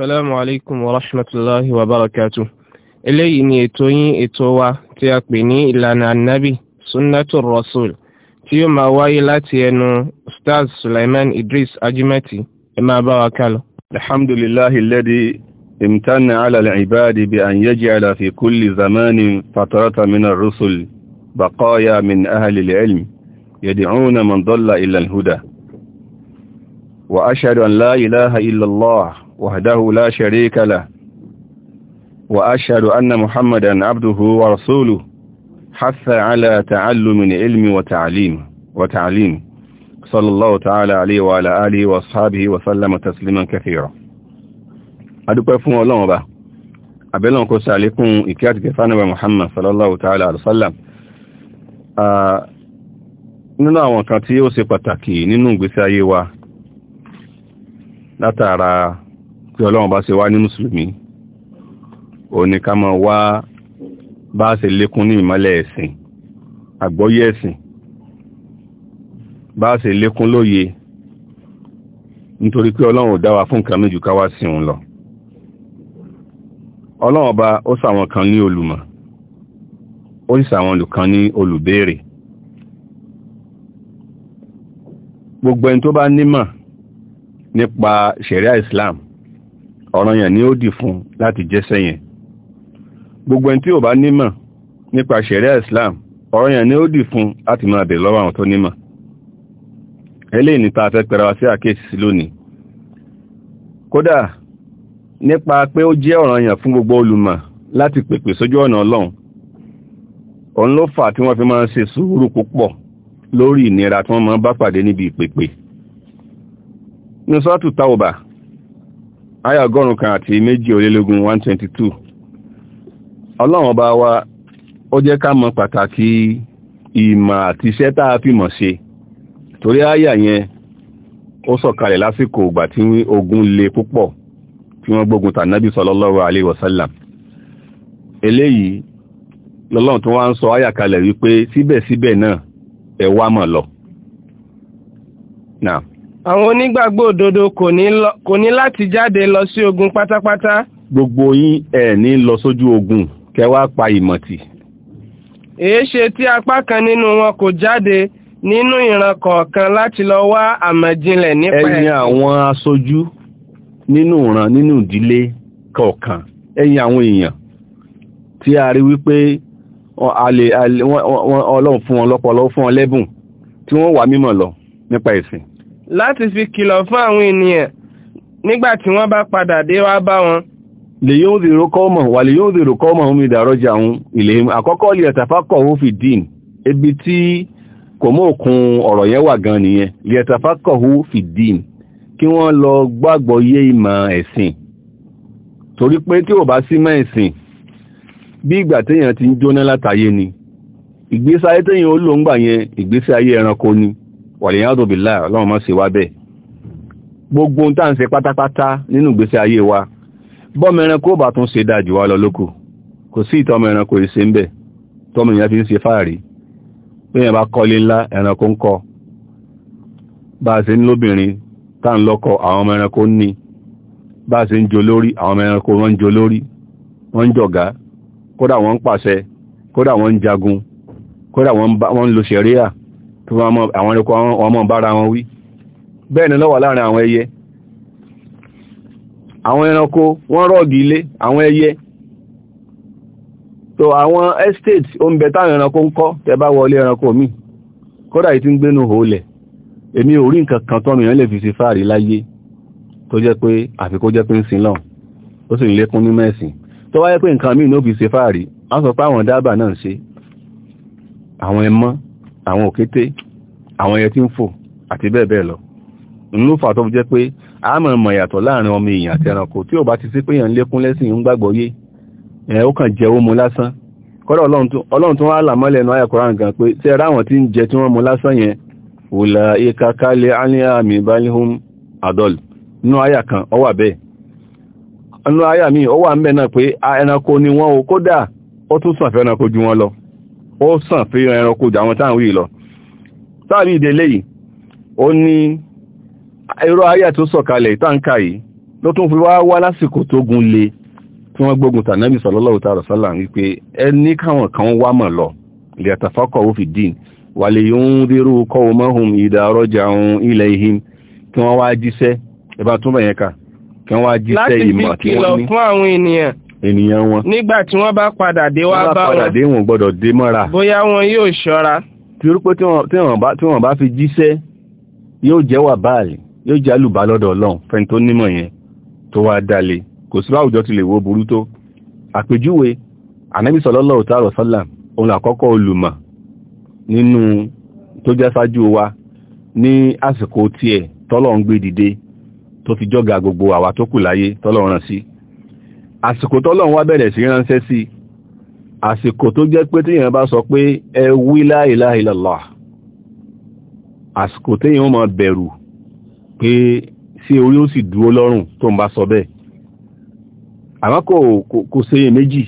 السلام عليكم ورحمة الله وبركاته إلي إن يتوين إتوى تيقبني إلا النبي سنة الرسول تيو ما واي لا تينو أستاذ سليمان إدريس أجمتي إما باركالو الحمد لله الذي امتن على العباد بأن يجعل في كل زمان فترة من الرسل بقايا من أهل العلم يدعون من ضل إلا الهدى وأشهد أن لا إله إلا الله وحده لا شريك له وأشهد أن محمدا عبده ورسوله حث على تعلم العلم وتعليم وتعليم صلى الله تعالى عليه وعلى آله وأصحابه وسلم تسليما كثيرا adúpẹ́ fún ọlọ́run ọba abẹ́lọ́n kó sàlékún ìkí àti kẹfà náà Muhammad sallallahu ta'ala alaihi nínú àwọn kan tí ó ṣe pàtàkì nínú ìgbésí ayé wa látara pé ọlọ́run bá ṣe wá ní mùsùlùmí ó ní ká máa wá bá ṣe lékún ní ìmọ́lẹ̀ ẹ̀sìn àgbọ́yé ẹ̀sìn bá ṣe lékún lóye nítorí pé ọlọ́run ò dá wa fún nǹkan méjì ká wá sí òun lọ ọlọ́run ọba ó sàwọn kan ní olùmọ̀ ó sì sàwọn olùkan ní olùbéèrè gbogbo ẹni tó bá nímọ̀ nípa ṣẹ̀ríà Islam ọ̀ranyàn ni ó dì fún láti jẹ́sẹ̀ yẹn gbogbo ẹni tí ò bá nímọ̀ nípa ṣẹ̀ríà Islam ọ̀ranyàn ni ó dì fún láti máa bèèrè lọ́wọ́ àwọn tó nímọ̀ eléyìí ni ta fẹ́ pẹ̀rẹ̀ wá sí àkéèsì sí lónìí kódà nípa pé ó jẹ́ ọ̀ranyàn fún gbogbo olùmọ̀ láti pèpè sójú ọ̀nà Ọlọ́run òun ló fà tí wọ́n fi máa ń ṣe sùúrù púpọ̀ lórí ìnira tí wọ́n máa bá pàdé níbi ìpèpè ní sọ́ọ̀tù Tawbah aya ọgọ́rùn kan àti méjì olélógún 122 ọlọ́run ọba wa ó jẹ́ ká pàtàkì ìmọ̀ àti iṣẹ́ tá mọ̀ ṣe torí aya yẹn ó sọ̀kalẹ̀ lásìkò ìgbà tí ogun le púpọ̀ tí wọ́n gbógun tànábì sallallahu eléyìí lọ́lọ́run tó wá ń sọ kalẹ̀ wípé síbẹ̀síbẹ̀ náà ẹ wá mọ̀ lọ àwọn onígbàgbọ́ òdodo kò ní láti jáde lọ sí ogun pátápátá gbogbo yín ẹ̀ ní lọ sójú ogun kẹwàá pa ìmọ̀tì èéṣe tí apá kan nínú wọn kò jáde nínú ìran kọ̀ọ̀kan láti lọ wá àmọ̀jinlẹ̀ nípa ẹ̀ ẹ̀yin àwọn aṣojú nínú ìran nínú ìdílé kọ̀ọ̀kan ẹ̀yin àwọn èèyàn tí a rí wípé ọlọ́run fún wọn lọ́pọ̀lọ́ fún wọn lẹ́bùn tí wọ́n wà mímọ̀ lọ nípa ẹ̀sìn láti fi kìlọ̀ fún àwọn ènìyàn nígbà tí wọ́n bá padà dé wá bá wọn lè yóò dèrò kọ́mọ̀ wà lè yóò dèrò kọ́mọ̀ omi ìdàrọ́jà ohun ilé àkọ́kọ́ liẹ̀tàfákọ̀ ohun fi dín ebi tí kò mọ́ òkun ọ̀rọ̀ yẹn wà gan nìyẹn liẹ̀tàfákọ̀ ohun fi dín kí wọ́n lọ gbàgbọ́ yé ìmọ̀ ẹ̀sìn torí pé tí ò bá sí mọ́ ẹ̀sìn bí ìgbà téèyàn ti ń jóná látàyé ni ìgbésí ayé téèyàn ó lò ń gbà yẹn ìgbésí ayé ẹranko ni wàlìyàndò bìlá ọlọ́run mọ́ sí wá bẹ́ẹ̀ gbogbo ohun tá à ń ṣe pátápátá nínú ìgbésí ayé wa bọ́mọ ẹranko bá tún ṣe dájú wa lọ lóko kò sí ìtọ́mọ ẹranko ìṣe ń bẹ̀ tọ́mọ èèyàn fi ń ṣe fáàrí pé èèyàn bá kọ́lé ńlá ẹranko ń kọ́ bá a ṣe ń lóbìnrin tá à ń lọ́kọ àwọn ọmọ ẹranko ń ní bá a ṣe ń jo lórí àwọn ọmọ ẹranko wọ́n ń jo lórí wọ́n ń jọ̀gá kódà wọ́n ń pàṣẹ kódà wọ́n ń jagun kódà wọ́n ń lo ṣẹ̀ríà kí àwọn ẹranko wọn mọ́ bára wọn wí bẹ́ẹ̀ ni lọ́wọ́ láàrin àwọn ẹyẹ àwọn ẹranko wọ́n rọ́ọ̀gì ilé àwọn ẹyẹ so àwọn estate o ń bẹ táwọn ẹranko ń kọ́ tẹ bá wọlé ẹranko mi kódà yìí ti ń gbénú òólẹ̀ èmi ò rí nǹkan kan tọ́mì yẹn lè fi ṣe fáàrí láyé tó jẹ́ pé àfi kó jẹ́ pé ń sin lọ́hùn ó sì ń lékún ní mẹ́sìn tó wáyé pé nǹkan míì ní fi ṣe fáàrí wọ́n sọ pé àwọn dábà náà ń ṣe àwọn ẹmọ́ àwọn òkété àwọn ẹyẹ tí ń fò àti bẹ́ẹ̀ bẹ́ẹ̀ lọ ló tó jẹ́ pé a mọ̀ mọ̀ yàtọ̀ láàrin ọmọ èèyàn àti ẹranko tí ò bá ti sí pé èèyàn lékún lẹ́sìn ń gbàgbọ́ yé ó kàn jẹ́ ó mu lásán kọ́dọ̀ ọlọ́run tó wá là mọ́lẹ̀ ẹnu pé tí àwọn tí ń jẹ tí wọ́n mu lásán yẹn wùlà kálẹ̀ kan ọ wà bẹ́ẹ̀ ọ wà náà o kódà ó tún sàn fẹ́ ẹranko ju wọn lọ ó sàn ẹranko ju àwọn táwọn sáàrí ìdèlé yìí ó ní ẹ̀rọ ayé tó sọ̀kalẹ̀ ìtànkà yìí ló tún fi wá wá lásìkò tó gun le tí wọ́n gbógun tànàbì sallallahu ta'ala sallam wípé ẹni káwọn kan wá mọ̀ lọ liyatafaqahu fi din wa liyunziru qawmahum idha raja'u ilayhim kí wọ́n wá jíṣẹ́ ẹ̀bá tún bẹ̀yẹn ká kí wọ́n wá jíṣẹ́ ìmọ̀ tí wọ́n ní láti fi kìlọ̀ fún àwọn ènìyàn ènìyàn wọn nígbà tí wọ́n bá padà dé wá bá wọn bóyá wọn yóò ṣọ́ra torí pé tí wọ́n bá fi jíṣẹ́ yóò jẹ́ wà báàlì yóò jẹ́ àlùbá lọ́dọ̀ ọlọ́run fẹ́ni tó nímọ̀ yẹn tó wá dalè kò sí báwùjọ ti lè wo burú tó àpèjúwe ànábì wa sallam òun àkọ́kọ́ olùmọ̀ nínú tó jẹ́ ṣáájú wa ní àsìkò tiẹ̀ tọ́lọ́run gbé àsìkò tó jẹ́ pé tí èèyàn bá sọ pé ẹ wí la ilaha illallah àsìkò tí èèyàn máa bẹ̀rù pé sí orí ó sì dúró lọ́rùn tó ń bá sọ bẹ́ẹ̀ àmọ́ kò kò ṣe méjì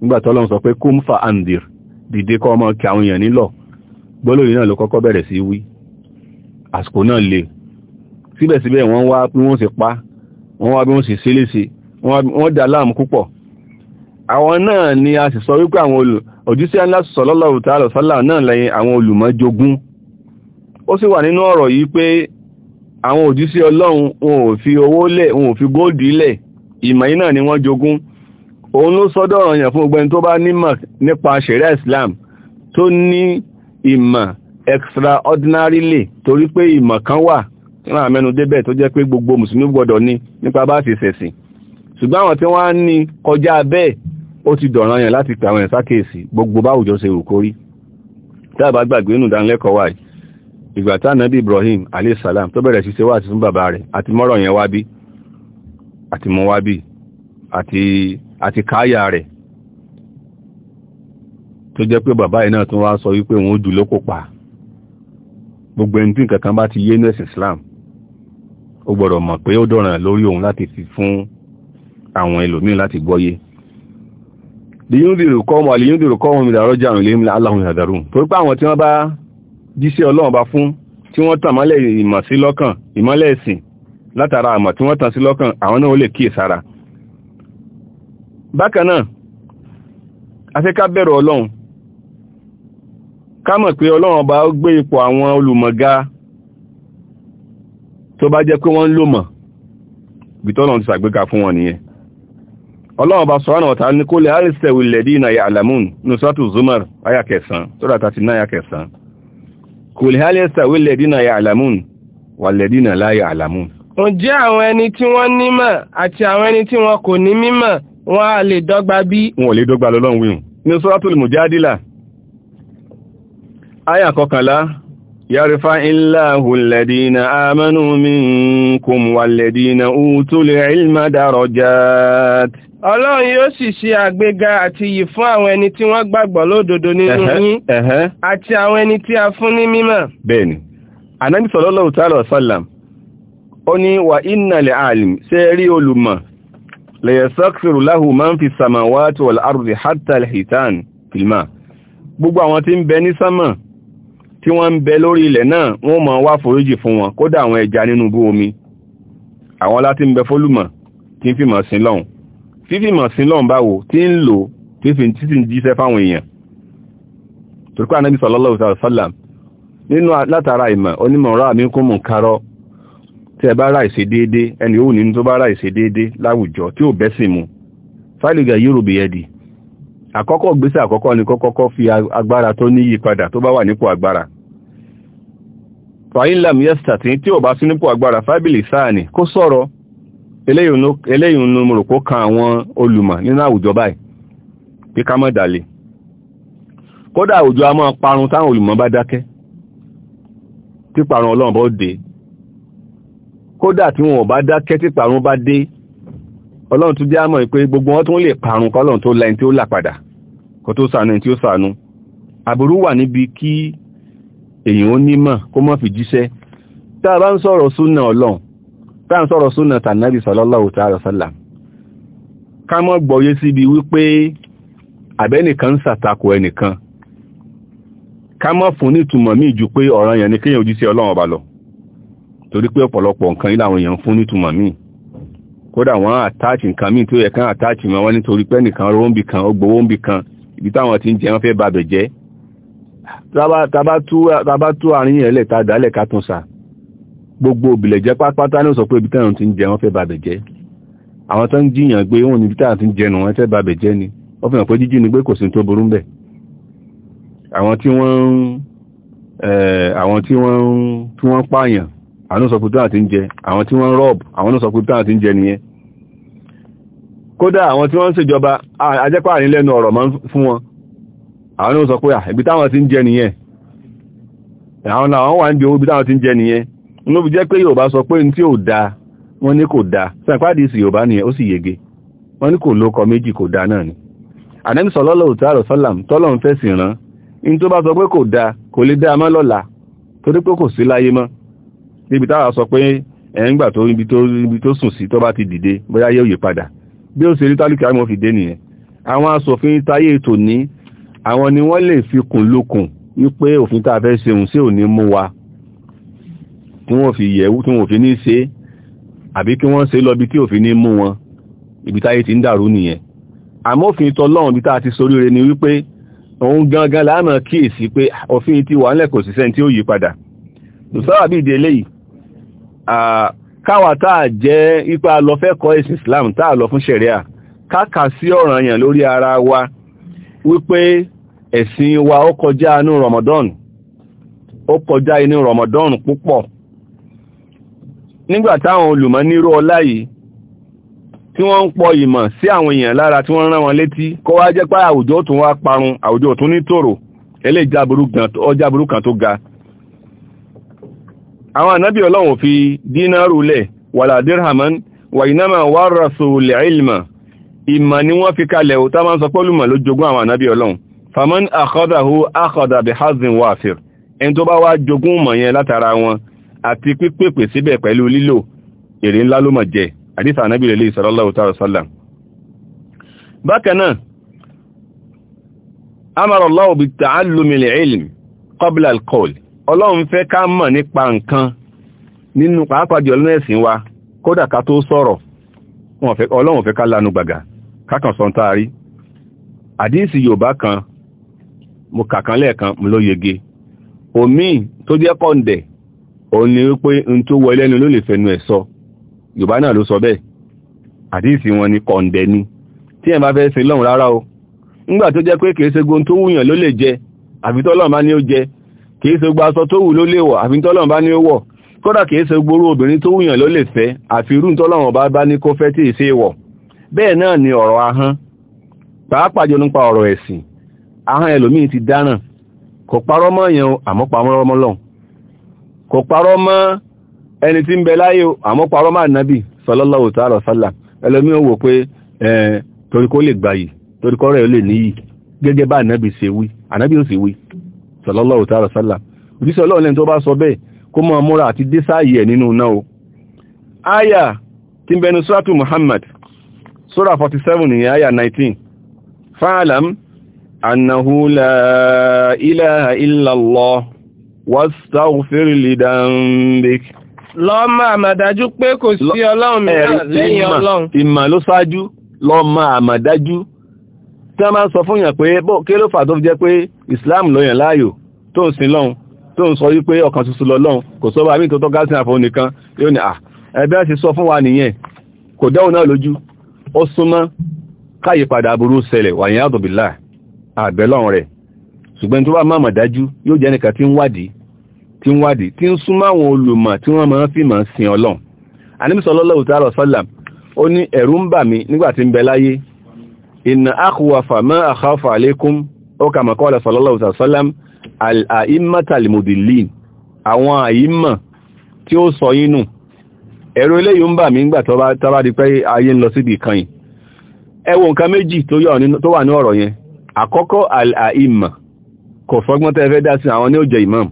nígbà tọ́lọ́run sọ pé kum fa andir dìde kọ́ ọmọ kí àwọn èèyàn nílọ̀ gbólóyìn náà ló kọ́kọ́ bẹ̀rẹ̀ sí wí àsìkò náà le síbẹ̀síbẹ̀ wọ́n wá bí wọ́n ṣe pa wọ́n wá bí wọ́n ṣe ṣe léṣe wọ́n dá láàmú púpọ̀ àwọn náà ni a sì sọ wípé àwọn olù òjíṣẹ́ ńlá sallallahu ta'ala sọ́lá náà lẹ́yìn àwọn olùmọ̀ jogún ó sì wà nínú ọ̀rọ̀ yìí pé àwọn òjíṣẹ́ ọlọ́run wọn ò fi owó lẹ̀ wọn ò fi góòdì lẹ̀ ìmọ̀ yìí náà ni wọ́n jogún òun ló sọ́dọ̀ ọ̀rọ̀ yàn fún ọgbẹ́ni tó bá nímọ̀ nípa ṣẹ̀ríà Islam tó ní ìmọ̀ extraordinarily torí pé ìmọ̀ kan wà rán àmẹ́nu débẹ̀ tó jẹ́ pé gbogbo mùsùlùmí gbọ́dọ̀ ní nípa bá ti ṣẹ̀sìn ṣùgbọ́n àwọn tí wọ́n á ní kọjá bẹ́ẹ̀ ó ti dọ̀ràn yẹn láti pè àwọn ìsákèèsí gbogbo báwùjọ ṣe rò kórí dábàá gbàgbé nù dánilẹ́kọ̀ọ́ wáyé ìgbà tá nàbí Ibrahim aleyhisselam tó bẹ̀rẹ̀ sí ṣe wáàsí fún bàbá rẹ̀ àti mọ́rọ̀ yẹn wá àti mọ́ wá àti káyà rẹ̀ tó jẹ́ pé bàbá yìí náà tún wá sọ wípé òun ó jù lókò pa gbogbo ẹni tí nǹkan kan bá ti yé nẹ́sì Islam ó gbọ́dọ̀ mọ̀ pé ó dọ̀ràn lórí òun láti fi fún àwọn ẹlòmíì láti gbọ́yé lèyúndìrò kọ́mù àlèyúndìrò kọ́mù ìdàrọ́jà àwọn ilé ìmìlá aláhùn ìdàrú torí pé àwọn tí wọ́n bá jíṣẹ́ ọlọ́run bá fún tí wọ́n tàn mọ́lẹ̀ ìmọ̀ sí lọ́kàn ìmọ́lẹ̀ ẹ̀sìn látara àmọ̀ tí wọ́n tàn sí lọ́kàn àwọn náà ó lè kíyè sára bákan náà afẹ́ká bẹ̀rù ọlọ́run ọlọ́run bá sọ́rọ̀ ọ̀tá ní kó lè alistair lẹ́dí ìnà ya'lamun nusratu zumar aya kẹsàn sọ́rọ̀ àtàtì náà kẹsàn kò lè alistair lẹ́dí ìnà ya'lamun wà lẹ́dí ìnà la ya'lamun. ǹjẹ́ àwọn ẹni tí wọ́n nímọ̀ àti àwọn ẹni tí wọn kò ní mímọ̀ wọn a lè dọ́gba bí. wọn lè dọ́gba lọ́lọ́run wíhùn ní suratul mujadila aya kọkànlá yarfa ọlọ́run yóò sì ṣe àgbéga àti yìí fún àwọn ẹni tí wọ́n gbàgbọ́ lódodo nínú yín àti àwọn ẹni tí a fún ní mímọ̀. bẹ́ẹ̀ni anabi sallallahu ta'ala wa sallam ó ní wà inna li alim ṣe rí olùmọ̀ la yastaghfiru lahu man fi samawati wal ardi hatta al-hitan fil ma gbogbo àwọn tí ń bẹ ní sánmà tí wọ́n ń bẹ lórí ilẹ̀ náà wọ́n máa wá foríjì fún wọn kódà àwọn ẹja nínú bú omi àwọn láti ń bẹ fólùmọ̀ tí ń fìmọ̀ sí lọ́hùn fífìmọ̀ sí lọ́n báwo tí ń lò fífìn títí jíṣẹ́ fáwọn èèyàn torípé anábì sallallahu alaihi wasallam nínú látara ìmọ̀ onímọ̀ ọ̀rọ̀ mọ̀ tí ẹ bá ra ìṣe déédé ẹni nínú tó bá ra ìṣe déédé láwùjọ tí ó mu fáìlìgà yóò bí ẹdì àkọ́kọ́ gbèsè àkọ́kọ́ ni kọ́kọ́kọ́ fi agbára tó níyí padà tó bá wà nípò agbára fàyínlàm eléyìn ní mo rò kó kan àwọn olùmọ̀ nínú àwùjọ báyìí pé ká mọ́ dàlẹ̀ kódà àwùjọ a máa parun táwọn olùmọ̀ bá dákẹ́ tí parun ọlọ́run bọ́ dé kódà tí wọn bá dákẹ́ tí parun bá dé ọlọ́run tún jẹ́ àmọ́ pé gbogbo wọn tún lè parun kọ́lọ́run tó lẹ́yìn tí ó là padà kó tó sànú tí pé à ń sọ̀rọ̀ súnà tànàbì sallallahu ta'ala sallam ká mọ́ gbọ́yé síbi wípé àbẹ́nìkan ń sàtakò ẹnìkan ká mọ́ fún nítumọ̀ míì ju pé ọ̀ràn yẹn ni kéèyàn ojú sí ọlọ́run ọba lọ torí pé ọ̀pọ̀lọpọ̀ nǹkan ilé àwọn èèyàn fún nítumọ̀ míì kódà wọ́n àtàchì nǹkan míì tó yẹ kán àtàchì mọ́ wọ́n nítorí pé nìkan rówó ń bì kan ó gbowó ń bì kan ibi táwọn ti ń jẹ wọ́n fẹ́ babẹ̀ jẹ́ tá tú àárín yẹn lẹ̀ tá dálẹ̀ ká tún sáà gbogbo òbílẹ̀ jẹ́ pátápátá ní sọ pé ibi ti ń jẹ wọ́n fẹ́ bàbẹ̀ jẹ́ àwọn tó ń jìyàn gbé wọn níbi táwọn ti ń jẹnu wọ́n fẹ́ bàbẹ̀ jẹ́ ni ó fi hàn pé pé kò sí tó burú bẹ̀ àwọn tí wọ́n àwọn tí wọ́n tí wọ́n pààyàn àwọn ń jẹ àwọn tí wọ́n rọ́ọ̀bù àwọn ti ń jẹ nìyẹn kódà àwọn tí wọ́n ń ṣèjọba ajẹ́pà ní lẹ́nu ọ̀rọ̀ máa ń fún wọn àwọn sọ pé ibi táwọn ti ń jẹ nìyẹn àwọn làwọn wà ń di owó ibi táwọn ti ń jẹ nìyẹn ló fi jẹ́ pé Yorùbá sọ pé tí ò da wọ́n ní kò da sàpáàdì sí Yorùbá nìyẹn ó sì yege wọ́n ní kò lókọ méjì kò da náà ni ànẹ́mí sọlọ́lọ́ òtàrọ̀ sọ́làm tọ́lọ̀ ń fẹ́ sí rán in tó bá sọ pé kò da kò lè dá mọ́ lọ́la torí pé kò sí ti dìde bóyá yóò yí padà bí ó ṣe rí tálùkì àmọ́ fi dé nìyẹn àwọn asòfin táyé tòní àwọn ni wọ́n tí wọ́n fi yẹ̀wú tí wọ́n fi ní ṣe àbí kí wọ́n ṣe lọ́bi tí òfin ní mú wọn ibi táyé ti ń dàrú nìyẹn àmófin tọlọ́run bí táa ti soríire ni wípé òun gangan láàmà kíyèsí pé òfin ti wà nílẹ̀ kò sí tí ó yí padà lùsọ́rọ̀ bí ìdí eléyìí káwa táà jẹ́ ipa lọ fẹ́ kọ́ ẹ̀sìn Islam táà lọ fún ṣẹ̀ríà káàkà sí ọ̀ranyàn lórí ara wa wípé ẹ̀sìn wa ó kọjá inú Ramadan ó kọjá inú Ramadan púpọ̀ nígbà táwọn olùmọ̀ nírú ọlá yìí tí wọ́n ń pọ ìmọ̀ sí àwọn èèyàn lára tí wọ́n rán wọn létí kó wá jẹ́ pé àwùjọ tún wá parun àwùjọ tún ní tòrò eléjàburú kan tó ga àwọn ànábì ọlọ́run fi dínárù lẹ̀ wàlà dirhaman wà ìnáma wà rọ̀sù lẹ̀ àti pípèpè síbẹ̀ pẹ̀lú lílò èrè ńlá ló mọ̀ jẹ́ àdísà anábì lè sallallahu ta'ala sallam bákan náà amara Allahu bi ta'allumi al-ilm qabla al-qawl ọlọ́run fẹ́ ká mọ̀ nípa nǹkan nínú pàápàá jọ lọ́nà ẹ̀sìn wa kódà ká tó sọ̀rọ̀ ọlọ́run fẹ́ ká lanu gbàgà kan mo ló yege omi tó jẹ́ kọ́ndẹ̀ òun ni wípé n tó wọ lẹ́nu ló lè fẹnu ẹ̀ yorùbá náà ló sọ bẹ́ẹ̀ àdíìsì ni kọ̀ǹdẹ̀ ni tí ẹ̀ bá fẹ́ lọ́run rárá o nígbà tó jẹ́ pé kìí ṣe tó wùyàn ló lè jẹ àfitọ́lọ́run ni ó jẹ kìí ṣe gba aṣọ tó wù ló lè wọ̀ àfitọ́lọ́run bá ní ó wọ̀ kódà kìí ṣe gbóró obìnrin tó wùyàn ló lè fẹ́ àfi irú bá ní kó ṣe ni ọ̀rọ̀ ahán ti dáràn kò kò parọ́ mọ́ ẹni tí ń bẹ láyé àmọ́ parọ́ mọ́ ànábì sallallahu ta'ala sallam ẹlòmí ò wò pé torí kó lè gbàyì torí kọ́ rẹ̀ ó lè níyì gẹ́gẹ́ bá ànábì ṣe wí ànábì ó sì wí sallallahu ta'ala 47 ní aya 19 fa'alam annahu la ilaha illallah wastaghfir li dambik lọ máa mà dájú pé kò sí ọlọ́run mìíràn lẹ́yìn ọlọ́run ìmọ̀ ló ṣáájú lọ máa mà dájú tí wọ́n máa ń sọ fún yàn pé kí ló fà tó fi jẹ́ pé islam ló yàn láàyò tó ń sin lọ́hun tó ń sọ wípé ọ̀kan ṣoṣo lọ́lọ́hun kò sọ bá mi tó tọ́ka sí àfọ̀ nìkan yóò ní à ẹgbẹ́ ti sọ fún wa nìyẹn kò dẹ́wọ̀n náà lójú ó súnmọ́ káyípadà aburú ṣẹlẹ̀ wàyí àdùbìlà àbẹ̀lọ́run rẹ̀ ṣùgbọ́n tó bá máa mọ̀ dájú yóò jẹ́ nìkan tí ń wádìí tí ń wádìí tí ń súnmọ́ àwọn olùmọ̀ tí wọ́n máa ń fi máa sin ọlọ́run anímísọ̀lọ́lọ́wọ́ tààrà sọ́là ó ní ẹ̀rù ń bà mí nígbà tí ń bẹ láyé ìnà àkùwàfà máa àkàfà àlékún ó kà mọ̀ kọ́lẹ̀ sọ̀lọ́lọ́wọ́ tààrà sọ́là àìmọ́tàlìmọ̀dìlín àwọn àìmọ̀ tí ó sọ yín kan méjì tó wà ní ọ̀rọ̀ yẹn àkọ́kọ́ àìmọ̀ kò fọ́gbọ́n tẹ́ fẹ́ dá sí àwọn ní ó jẹ imam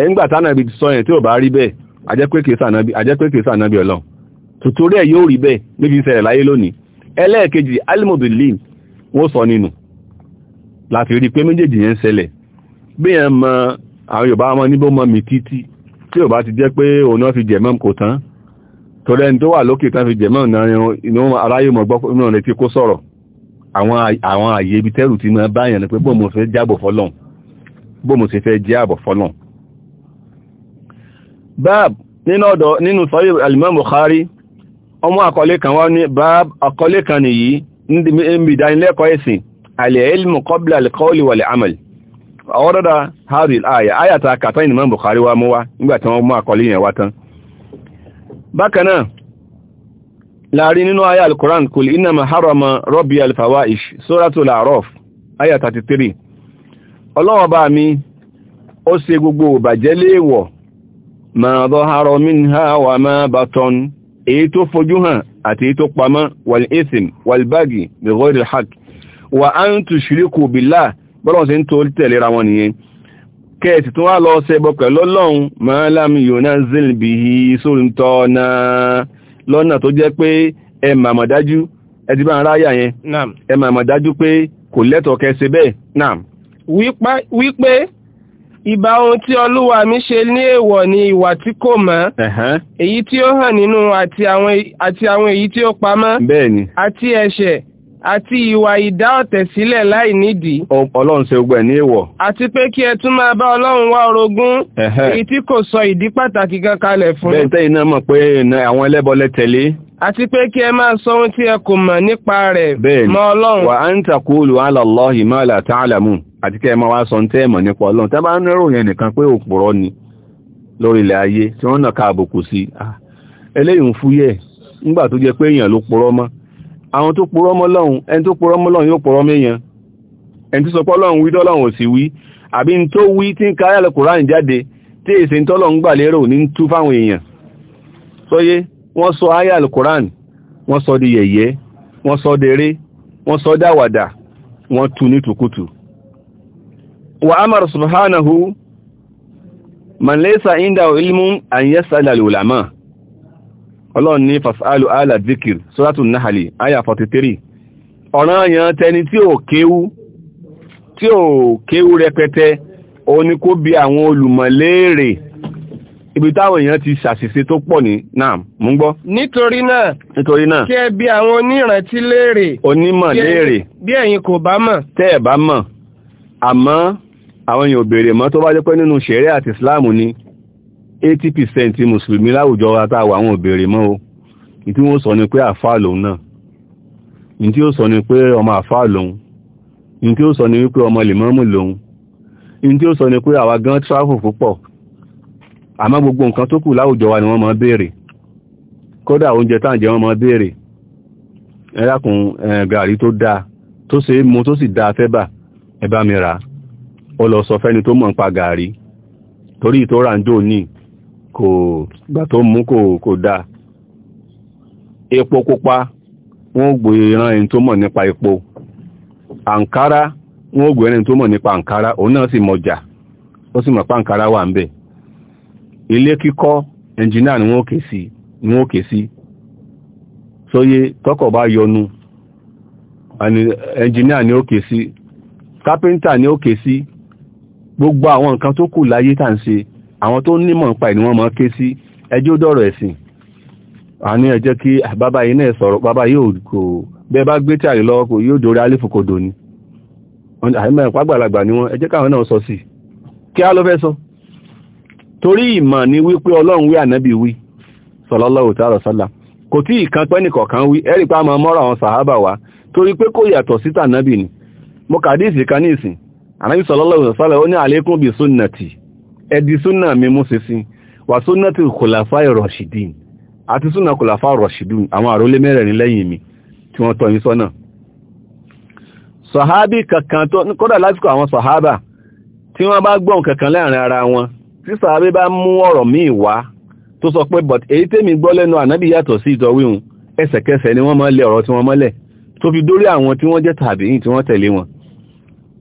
ẹ̀ ń gbà tánàbí sọ yẹn tí ò bá rí bẹ́ẹ̀ ajẹ́pẹ́kẹ́ sànábí ọlọ́run tòtórí ẹ̀ yóò rí bẹ́ẹ̀ níbi láyé lónìí alimobilin wọ́n sọ nínú láti rí pé méjèèjì yẹn ṣẹlẹ̀ bí yẹn mọ àwọn Yorùbá ọmọ níbó mọ mi títí tí ò bá ti jẹ́ pé òun náà fi kò tán torí ẹni tó wà lókè tán fi aráyé gbọ́ àwọn àyè ibi tẹ́rù ti máa báyàn ni pé bó mo fẹ́ jábọ̀ fọ́lọ̀n bó mo sì fẹ́ jẹ́ àbọ̀ fọ́lọ̀n báàb nínú ọ̀dọ̀ nínú sọ́yí Al-Imam Bukhari ọmọ àkọlé kan wá ní báàb àkọlé kan nìyí níbi ìdánilẹ́kọ̀ọ́ ẹ̀sìn al-ilmu qabla al-qawli wal-amal ọ̀rọ̀dá haril aya Bukhari wá mú wá nígbàtí wọ́n mú àkọlé yẹn wá láàrin nínú ayá alkùrán kò lè iná maharama rọ́bí alfawa'ish sóràtò làárọ̀f ayá 33 ọlọ́wọ́ bá mi ó ṣe gbogbo ìbàjẹ́ léèwọ̀ ma zọ́harọ minha wa ma baton èyí tó fojú hàn àti èyí tó pamọ́ wal isim wal bagi bi ghayril haq wa an tushriku billah bọ́lọ̀ sí ń tó tẹ̀lera wọn nìyẹn kẹ́ẹ̀tì tó wá lọ ṣẹbọ pẹ̀lú ọlọ́run ma bihi sultana náà lọ́nà tó jẹ́ pé ẹ màmọ̀ dájú ẹ bá ń ráyà yẹn ẹ màmọ̀ dájú pé kò lẹ́tọ̀ọ́ kẹsẹ̀ bẹ́ẹ̀. wípé ìbá ohun tí olúwa mi ṣe ní èèwọ̀ ni ìwà tí kò mọ́ èyí tí ó hàn nínú àti àwọn èyí tí ó pamọ́ àti ẹ̀ṣẹ̀ àti ìwà ìdá ọ̀tẹ̀ sílẹ̀ láì nídìí. ọlọ́run ṣe gbẹ̀ ní èèwọ̀. àti pé kí ẹ tún máa bá ọlọ́run wá orogún. èyí tí kò sọ ìdí pàtàkì kan kalẹ̀ fún. bẹ́ẹ̀ tẹ́yìn náà mọ̀ pé àwọn ẹlẹ́bọlẹ̀ tẹ̀lé. àti pé kí ẹ máa sọ tí ẹ kò mọ̀ nípa rẹ̀ mọ ọlọ́run. àti kí ẹ máa wá sọ ohun tẹ́ mọ̀ nípa ọlọ́run pé àwọn tó purọ́ mọ́ Ọlọ́hun ẹni tó purọ́ mọ́ Ọlọ́hun yóò purọ́ méyàn ẹni tó sọ pé Ọlọ́hun wí tọ́lọ́hun ò sì wí àbí n tó wí tí ń ka ayàlẹ̀ Kùránì jáde tí èsì ń tọ́lọ́hun gbà lérò ní tú fáwọn èèyàn sọyé wọ́n sọ ayàlẹ̀ Kùránì wọ́n sọ di yẹ̀yẹ́ wọ́n sọ dèrè wọ́n sọ dáwàdà wọ́n tu ní tùkùtù wa amara subhanahu man laysa indahu ilmun an yas'ala al-ulama ọlọ́run ní fasalu ala zikir suratul nahali 43 ọ̀ràn yàn tẹni tí ò kéwú tí ò kéwú rẹpẹtẹ òun ni kó bi àwọn olùmọ̀léèrè ibi táwọn èèyàn ti ṣàṣìṣe tó pọ̀ ní náà mú gbọ́. nítorí náà nítorí náà kí ẹ bi àwọn onírántí léèrè onímọ̀ léèrè bí ẹ̀yin kò bá mọ̀ tẹ́ ẹ̀ bá mọ̀ àmọ́ àwọn èèyàn ò mọ́ tó bá jẹ́ pé nínú ṣẹ̀rẹ́ àti ìsìláàmù ni eighty percent mùsùlùmí láwùjọ àtàwà àwọn òbèrè mọ́ o ní tí wọ́n sọ ni pé àfáà lòun náà ní tí ó sọ ni pé ọmọ àfáà lòun ní ó sọ ni wípé ọmọ lèmọ́mù lòun ní ó sọ ni pé àwa gan travel púpọ̀ àmọ́ gbogbo nǹkan tó kù láwùjọ wa ni wọ́n máa béèrè kódà oúnjẹ táǹjẹ wọ́n máa béèrè ẹlákùn gàrí tó dáa tó ṣe é mu tó sì dáa fẹ́bà ẹ bá mi rà ó lọ sọ fẹ́ni tó mọ̀ ń pa gàrí torí ìtọ́ra jò níì kò gbà tó mú kò kò dáa epo pupa wọ́n gbò ìran ẹni tó mọ̀ nípa epo àǹkárá wọ́n gbò ẹni tó mọ̀ nípa àǹkárá òun náà sì mọjà ó sì mọ̀ pa àǹkárá wà ń bẹ̀ ilé kíkọ́ ẹnjìnà ni wọ́n ké sí ni wọ́n ké sí sóyé tọ́kọ̀ bá yọnu ẹnjìnà ni ó ké sí kápẹ́ńtà ni ó ké sí gbogbo àwọn nǹkan tó kù láyé tà ń ṣe àwọn tó nímọ̀ ń pa ẹ̀ ni wọ́n máa ké sí ẹjọ́ dọ̀rọ̀ ẹ̀sìn àní ẹ jẹ́ kí bàbá yìí náà sọ̀rọ̀ bàbá yìí kò bẹ́ẹ̀ bá gbé tíàrí lọ́wọ́ kò yóò dórí alífò kò dò ní àìmọ̀ ẹ̀pá gbàlagbà ni wọ́n ẹ káwọn náà sọ sí kí á ló fẹ́ sọ torí ìmọ̀ ni wípé ọlọ́run wí ànábì wí sọlọ́lọ́wọ́ tààrà sálà kò tí ìkan pẹ́ nìkan kan wí ẹ̀rí pa máa mọ́ra àwọn sàhábà wa torí pé kò yàtọ̀ sí tànábì ni mo kàdí ìsìn kan ní ìsìn ànábì sọlọ́lọ́wọ́ sálà ó ní àlékún bí sunnati ẹ̀dì súnà mi mú sísìn wà súnà tí kòlàfà ìrọ̀ṣìdìn àti súnà kòlàfà ìrọ̀ṣìdìn àwọn àrólé mẹ́rẹ̀ẹ̀rin lẹ́yìn mi tí wọ́n tọ́ yín sọ́nà sọ̀hábì kankan tó kódà lásìkò àwọn sọ̀hábà tí wọ́n bá gbọ́n kankan láàrin ara wọn tí sọ̀hábì bá mú ọ̀rọ̀ míì wá tó sọ pé but èyí tèmi gbọ́ lẹ́nu ànábì yàtọ̀ sí ìtọ́wíhun ẹsẹ̀kẹsẹ̀ ni wọ́n mọ́ lé ọ̀rọ̀ tí wọ́n mọ́lẹ̀ tó fi dórí àwọn tí wọ́n jẹ́ tàbí tí wọ́n tẹ̀lé wọn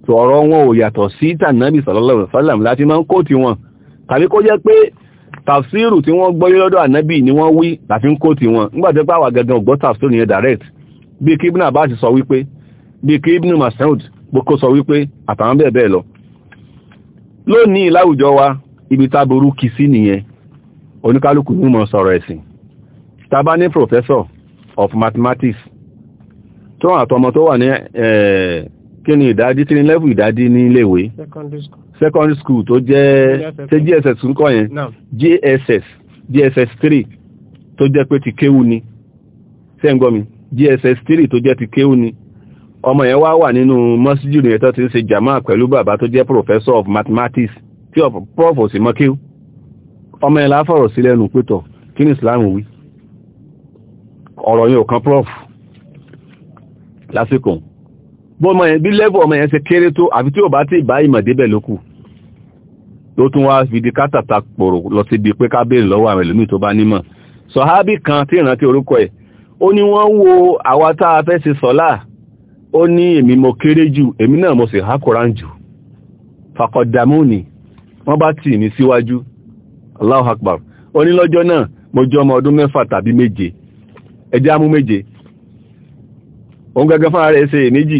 tó ọ̀rọ̀ wọn ò yàtọ̀ sí tànàbì sallallahu alaihi wasallam láti máa ń kó ti wọn tàbí kó jẹ́ pé tafsiru tí wọ́n gbọ́yé lọ́dọ̀ ànábì ni wọ́n wí láti ń kó ti wọn nígbàtí pé àwa gangan ò gbọ́ tafsiru yẹn direct bí kí ibn abbas sọ wípé bí kí ibn mas'ud gbókó sọ wípé àtàwọn bẹ́ẹ̀ bẹ́ẹ̀ lọ lónìí láwùjọ wa ibi táború kì sí nìyẹn oníkálukú ní mọ̀ sọ̀rọ̀ ẹ̀sìn tá bá ní professor of mathematics tó àtọmọ tó wà ní ẹ̀ẹ́ eh, kí ni ìdádí tí ní lẹ́fù ìdádí ní iléèwé secondary school tó jẹ́ ṣe JSS ń kọ́ yẹn JSS JSS 3 tó jẹ́ pé ti kéwú ni ṣe ń gbọ́ mi JSS 3 tó jẹ́ ti kéwú ni ọmọ yẹn wá wà nínú mọ́síjù ní ẹ̀tọ́ ti ń ṣe jama pẹ̀lú bàbá tó jẹ́ professor of mathematics tí prof ò sì mọ́ kéwú ọmọ yẹn láfọ̀rọ̀ sí lẹ́nu pétọ̀ kí ni Islam wí ọ̀rọ̀ yẹn ò kan prof lásìkò bọ́mọ yẹn bí lẹ́bù ọmọ yẹn ṣe kéré tó àfi tí ò bá tí ì bá ìmọ̀ débẹ̀ lókù tó tún wá fìdí kátàtà pòrò lọ síbi pé ká béèrè lọ́wọ́ àwọn ẹlòmíì tó bá nímọ̀ sọ̀hábì kan tí ìrántí orúkọ ẹ̀ ó ní wọ́n wo àwa tá a fẹ́ ṣe sọ́lá ó ní èmi mo kéré jù èmi náà mo sì hákùrán jù fakọ̀dàmúnì wọ́n bá tì mí síwájú Allahu ó ní lọ́jọ́ náà mo jọ ọmọ ọdún mẹ́fà tàbí méje ẹjẹ́ amú méje òun gẹ́gẹ́ fún ara ẹ̀ ṣe èméjì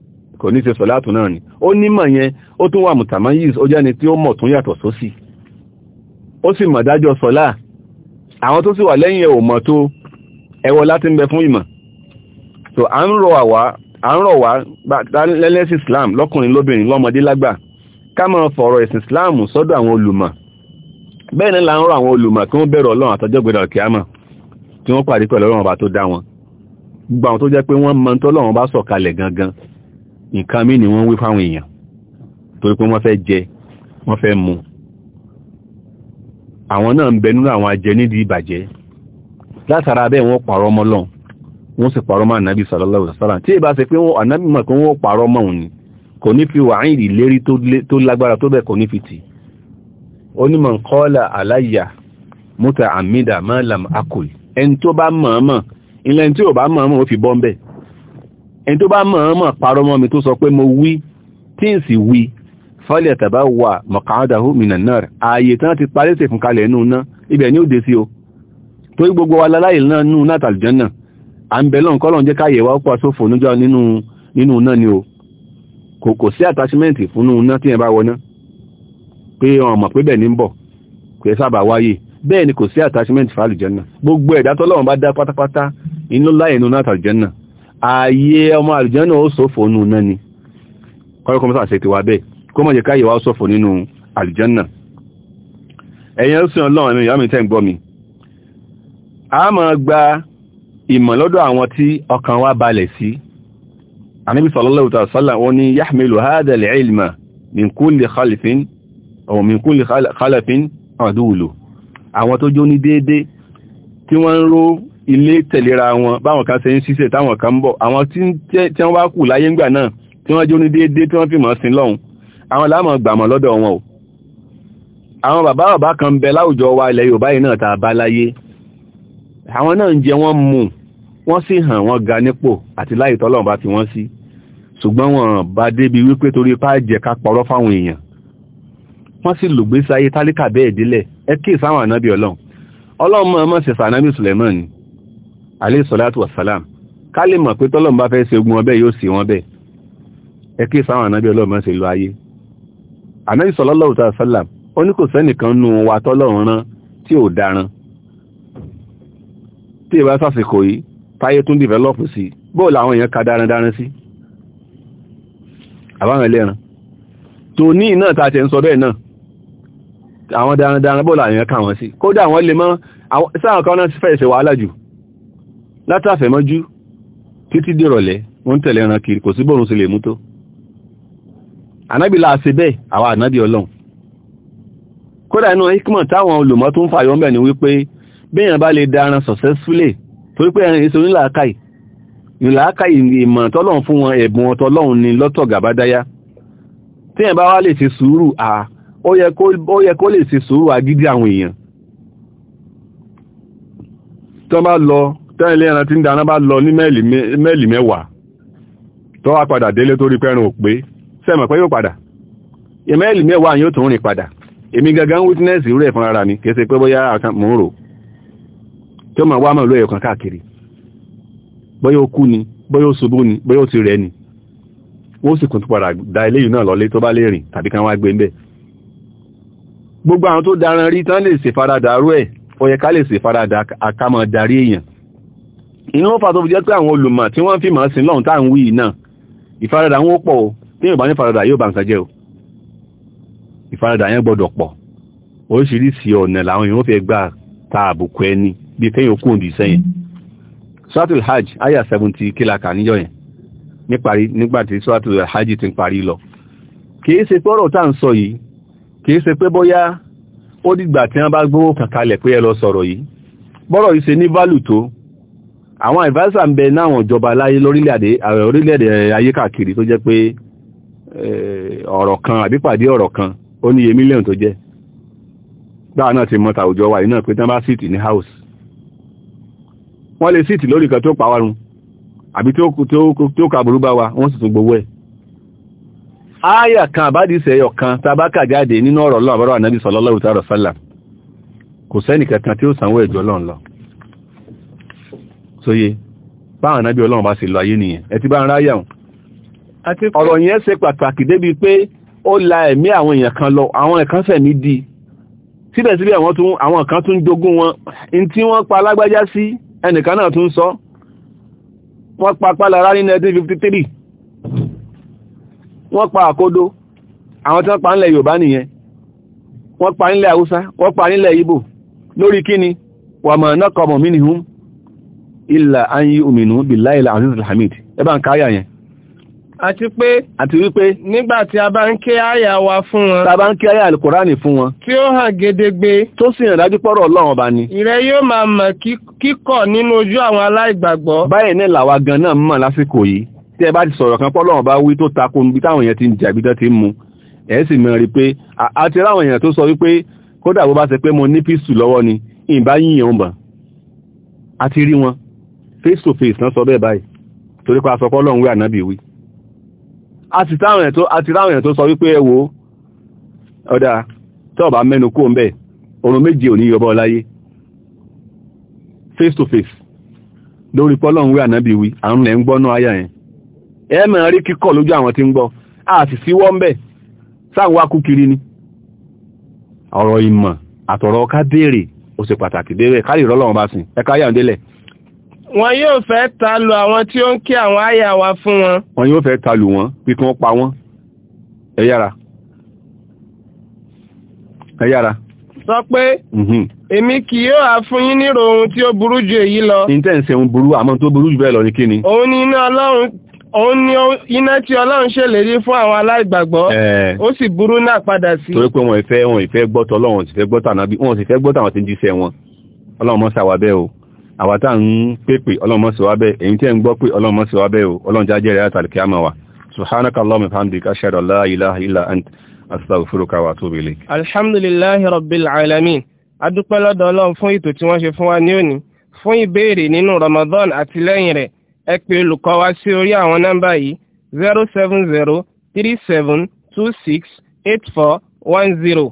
kò ní ṣe sọ̀látù náà ni ó nímọ̀ yẹn ó tún wà mùtàmáyìs ó jẹ́ni tí ó mọ̀ tún yàtọ̀ sósì ó sì mọ̀ dájọ́ sọ̀lá àwọn tó sì wà lẹ́yìn ẹ̀ mọ̀ tó ẹwọ láti ń bẹ fún ìmọ̀ so à ń rọ̀ wá à ń rọ̀ wá lẹ́lẹ́sì Islam lọ́kùnrin lóbìnrin lọ́mọdé lágbà ká máa Islam sọ́dọ̀ àwọn olùmọ̀ bẹ́ẹ̀ ni là ń rọ̀ àwọn olùmọ̀ kí wọ́n bẹ̀rù Ọlọ́run àtọ́jọ́ gbẹ̀dọ̀ kíámà tí wọ́n pàdé pẹ̀lú Ọlọ́run ọba tó dá wọn gbogbo àwọn tó jẹ́ pé wọ́n mọ̀ bá sọ̀kalẹ̀ gangan nǹkan mí ni wọ́n wí fáwọn èèyàn torí pé wọ́n fẹ́ jẹ wọ́n fẹ́ mu àwọn náà ń bẹ nínú àwọn ajẹ nídìí ìbàjẹ́ látara bẹ́ẹ̀ wọ́n pàrọ̀ mọ́ lọ́n wọ́n sì pàrọ̀ mọ́ ànábì sallallahu alaihi wasallam tí ìbá ṣe pé wọ́n ànábì mọ̀ pé wọ́n pàrọ̀ mọ́ òun ni kò ní fi wàhíì ìlérí tó lágbára tó bẹ́ẹ̀ kò ní fi tì ó ní man qala alayya muta'ammida ma ẹni tó bá mọ̀ọ́mọ̀ ilẹ̀ tí ò bá mọ̀ọ́mọ̀ ó fi bọ́ ń bẹ́ẹ̀ ẹni tó bá mọ̀ọ́mọ̀ parọ́ mọ́ mi tó sọ pé mo wí tí ń sì wí fọ́lẹ̀ tàbá wà mọ̀kàndáhù mìíràn náà ààyè tán ti parí sí ìfúnkalẹ̀ inú náà ibẹ̀ ni ó dé sí o torí gbogbo wa láláyè náà náà tàlùjọ́ náà à ń bẹ̀lọ́n kọ́lọ̀n jẹ́ káyẹ̀ wá pọ̀ sófò níjọ́ nínú náà ni o kò kò sí àtàṣímẹ́ǹtì fún náà tí ẹ bá wọná pé ọmọ pé bẹ́ẹ̀ ní ń bọ̀ kò ẹ sábà wáyé bẹ́ẹ̀ ni kò sí àtàṣímẹ́ǹtì fàlùjọ́ náà gbogbo ẹ̀dá tọ́lọ́wọ́n bá dá pátápátá inú láyè nù náà náà ààyè ọmọ àlùjànnà ó ṣòfò nù náà ni kọ́rọ̀kọ́ mọ́sá àṣẹ tiwa bẹ́ẹ̀ kó mọ̀ jẹ́ káyè wa ó ṣòfò nínú àlùjànnà ẹ̀yin ó sìn ọlọ́run ẹ̀mí ìyá mi tẹ́ ń gbọ́ mi a máa gba ìmọ̀ lọ́dọ̀ àwọn tí ọkàn wa balẹ̀ sí àwọn tó jó ní déédé tí wọ́n ń ró ilé tẹ̀lera wọn báwọn kan ṣe ń ṣiṣẹ́ táwọn kan ń bọ̀ àwọn tí wọ́n bá kù láyé ńgbà náà tí wọ́n jó ní déédéé tí wọ́n fi mọ̀ sí lọ́hùn àwọn láàmọ̀ gbàmọ̀ lọ́dọ̀ wọn o àwọn bàbá bàbá kan bẹ láwùjọ wa ilẹ̀ Yorùbá yìí náà tá a bá láyé àwọn náà ń jẹ wọ́n mu wọ́n sì hàn wọ́n ga nípò àti láyé tọ́lọ́run bá fi wọ́n sí ṣùgbọ́n wọn bá débi wípé torí páàjẹ ká pọ̀rọ̀ fáwọn èèyàn wọ́n sì lùgbésí ayé tálíkà bẹ́ẹ̀ délẹ̀ ẹ kí ìsáwọn ànábì ọlọ́run ọlọ́run mọ̀ ọmọ ṣẹ̀ṣà ànábì Sùlẹ̀mọ́nì alayhi salatu wassalam ká lè mọ̀ pé tọ́lọ́run bá fẹ́ ṣe ogun ọbẹ̀ yóò sì wọ́n bẹ̀ ẹ kí sáwọn ànábì ọlọ́run ṣe lọ ayé ànábì sallallahu ta'ala sallam Oni ní kò sẹ́nìkan nù wa tọ́lọ́run rán tí ò daran tí ìbá sàsìkò yìí táyé tún dìvẹ́lọ́pù sí bóòlù àwọn èèyàn ka darandaran sí àbáwọn ẹlẹ́ran tó ní náà tàà tẹ́ ń sọ bẹ́ẹ̀ náà àwọn darandaran bóòlù àwọn èèyàn kà wọ́n sí kódà wọ́n lè mọ́ sáwọn kan náà fẹ́ ṣe wàhálà látàfẹ̀mọ́jú títí dìrọ̀lẹ́ wọ́n tẹ̀lé ẹran kiri kò sí bọ́run sí lè mú tó ànábì la ṣe bẹ́ẹ̀ àwa ànábì ọlọ́run kódà inú hikmọ̀ táwọn olùmọ̀ tó ń fàyọ́ mẹ́ ni wípé béèyàn bá lè daran successfully torí pé ẹran èso nílàákàì nílàákàì ìmọ̀ tọ́lọ́run fún wọn ẹ̀bùn ọtọlọ́run ni lọ tẹ́lẹ̀ ẹran tí ń dáná bá lọ ní mẹ́lì mẹ́wàá tó wá padà délé tó rí pẹ́rùn òpé sẹ́mọ̀ pé yóò padà mẹ́lì mẹ́wàá yóò tún rìn padà èmi gangan witness rẹ̀ fún ara mi kẹsẹ̀ pé bóyá rò tó wá mọ̀ lóye ni bóyá ó ni bóyá ó ni wọ́n sì tó padà da eléyìí tàbí kan wá gbé ìran fà tó fi jẹ́ pé àwọn olùmọ̀ tí wọ́n fi mọ̀ sí lọ́hùn tá ń wí náà ìfaradà o tí yóò ní faradà yóò bá nǹkan jẹ́ o ìfaradà yẹn gbọ́dọ̀ pọ̀ oríṣiríṣi ọ̀nà làwọn èèyàn fẹ́ gbà ta ẹni bí sẹ́yìn hajj aya 70 kílàkà ka yẹn níparí nígbàtí suratul hajj ti ń lọ kìí ṣe tá ń sọ yìí kìí ṣe pé bóyá ó dìgbà tí bá gbówó pé ẹ àwọn advisor ń bẹ ọjọba ìjọba láyé lórílẹ̀-èdè eh, orílẹ̀-èdè eh, tó jẹ́ pé eh, ọ̀rọ̀ kan àbípàdé ọ̀rọ̀ kan ó ní iye tó jẹ́ gbáà náà ti mọ tàwùjọ wà iná pé tán síìtì ní house wọ́n lè síìtì lórí kan tó pàwárun àbí tó kàbùrú kan àbádìsẹ̀ ẹyọ tabaka jáde nínú ọ̀rọ̀ lọ́wọ́ kò tí ó sóyé báwọn ànábí ọlọ́run bá sì lọ ayé nìyẹn ẹ ti bá ń ráyà wọn ọ̀rọ̀ yẹn ṣe pàtàkì débi pé ó la ẹ̀mí àwọn èèyàn kan lọ àwọn ẹ̀kan fẹ̀mí di síbẹ̀síbẹ̀ àwọn tún àwọn kan tún jogún wọn in tí wọ́n pa alágbájá sí ẹnìkan náà tún sọ wọ́n pa pálára ní 1953 wọ́n pa àkódó àwọn tí wọ́n pa nílẹ̀ yorùbá nìyẹn wọ́n pa nílẹ̀ haúsá wọ́n pa nílẹ̀ ìbò lórí kíni wàmọ̀ náà kọmọ̀ mínihun ìlà ayé òmìnú billahi al-aziz al-hamid ẹbá ń káyà yẹn àti pé àti wípé nígbàtí a bá ń ké àyà wa fún wọn ta bá ń ké àyà alìkùránì fún wọn tí ó hàn gedegbe tó sì hàn dájú pọ́rọ̀ ọlọ́run ọba ni ìrẹ́ yóò máa mọ̀ kíkọ̀ nínú ojú àwọn aláìgbàgbọ́ báyìí ní làwa gan náà mọ̀ lásìkò yìí tí ẹ bá ti sọ̀rọ̀ kan pọ́lọ́run bá wí tó tako níbi táwọn èèyàn ti ń jàbí tán ti ń mu ẹ̀ sì mọ̀ rí pé àti ráwọn èèyàn tó sọ wípé kódà bó bá ṣe pé mo ní písù lọ́wọ́ ni ìbá yíyan bà àti rí wọn face to face náà sọ bẹ́ẹ̀ báyìí torí pa sọpọ́ ọlọ́run wí ànábì wí àti táwọn èèyàn tó sọ wípé ẹ wo ọ̀dà tọ́ọ̀bà mẹ́nu kó ń bẹ̀ ọ̀run méje ò ní yọbọ láyé face to face lórí pọ́lọ́run wí ànábì wí àrùn lẹ́ ń gbọ́ náà ayà yẹn ẹ mẹ́rin rí kíkọ̀ lójú àwọn tí ń gbọ́ àti síwọ́ ń bẹ̀ sáwọn wá kú kiri ni ọ̀rọ̀ ìmọ̀ àtọ̀rọ̀ ká béèrè ó ṣe pàtàkì débẹ̀ ká lè rọ́lọ́run bá sìn ẹ̀ka ayà ń délẹ̀ wọn yóò fẹ́ ta lu àwọn tí ó ń kí àwọn àyà wa fún wọn. wọn yóò fẹ́ ta lu wọn bí kí wọ́n pa wọ́n ẹ yára ẹ yára. sọ pé mhm. èmi kì yóò á fún yín nírò ohun tí ó burú ju èyí lọ. intense ń burú àmọ́ tó burú jù bẹ́ẹ̀ lọ ni kí ni. òun ni iná ọlọ́run òun ni iná tí ọlọ́run ṣèlérí fún àwọn aláìgbàgbọ́ ó sì burú náà padà sí. torí pé wọn ìfẹ́ wọn ìfẹ́ gbọ́tọ̀ ọlọ́run sì fẹ́ gbọ́tọ̀ ànábì wọn sì fẹ́ gbọ́tọ̀ àwọn tí ń jíṣẹ́ wọn ọlọ́run mọ́ àwátà ń pépè ọlọ́mọ́síwábẹ́ èyí tí ẹ ń gbọ́ pé ọlọ́mọ́síwábẹ́ o ọlọ́njájẹ́ rẹ̀ àtàlì kíámà wa subhanakallahumma rabbil alamin adúpẹ́ lọ́dọ̀ ọlọ́run fún ètò tí wọ́n ramadan àti lẹ́yìn rẹ̀ ẹ pè zero seven zero three seven two six eight four one zero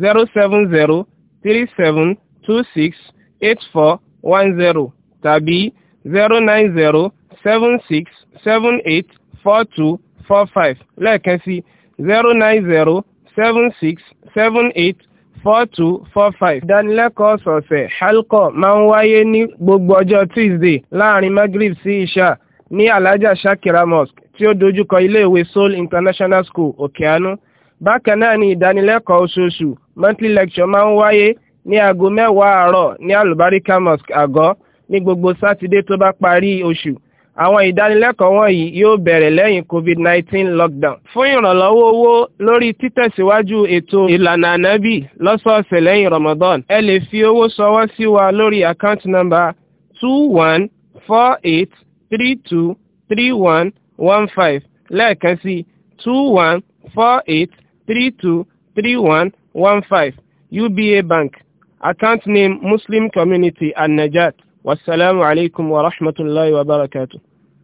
zero seven zero three seven two six eight four one zero tàbí zero nine zero seven six seven eight four two four five lẹ́ẹ̀kan sí zero nine zero seven six seven eight four two four five. ìdánilẹ́kọ̀ọ́ ọ̀sọ̀ọ̀sẹ̀ halkọ máa ń wáyé ní gbogbo ọjọ́ tuesday láàrin magrib sí isha ní alhaja shakira mosque tí ó dojúkọ iléèwé seoul international school òkèánú. bákan náà ni ìdánilẹ́kọ̀ọ́ oṣooṣù monthly lecture máa ń wáyé ní aago mẹ́wàá àárọ̀ ní alubarika mosque àgọ́ ní gbogbo sátidé tó bá parí oṣù àwọn ìdánilẹ́kọ̀ọ́ wọ̀nyí yóò bẹ̀rẹ̀ lẹ́yìn covid-19 lockdown. fún ìrànlọ́wọ́ owó lórí títẹ̀síwájú ètò ìlànà ànábì lọ́sọ̀ọ̀sẹ̀ lẹ́yìn ramadan ẹ lè fi owó ṣọwọ́ sí wa lórí account number two one four eight three two three one one five lẹ́ẹ̀kan sí two one four eight three two three one one five uba bank Account name Muslim Community and Najat. Wassalamu alaikum wa rahmatullahi wa barakatuh.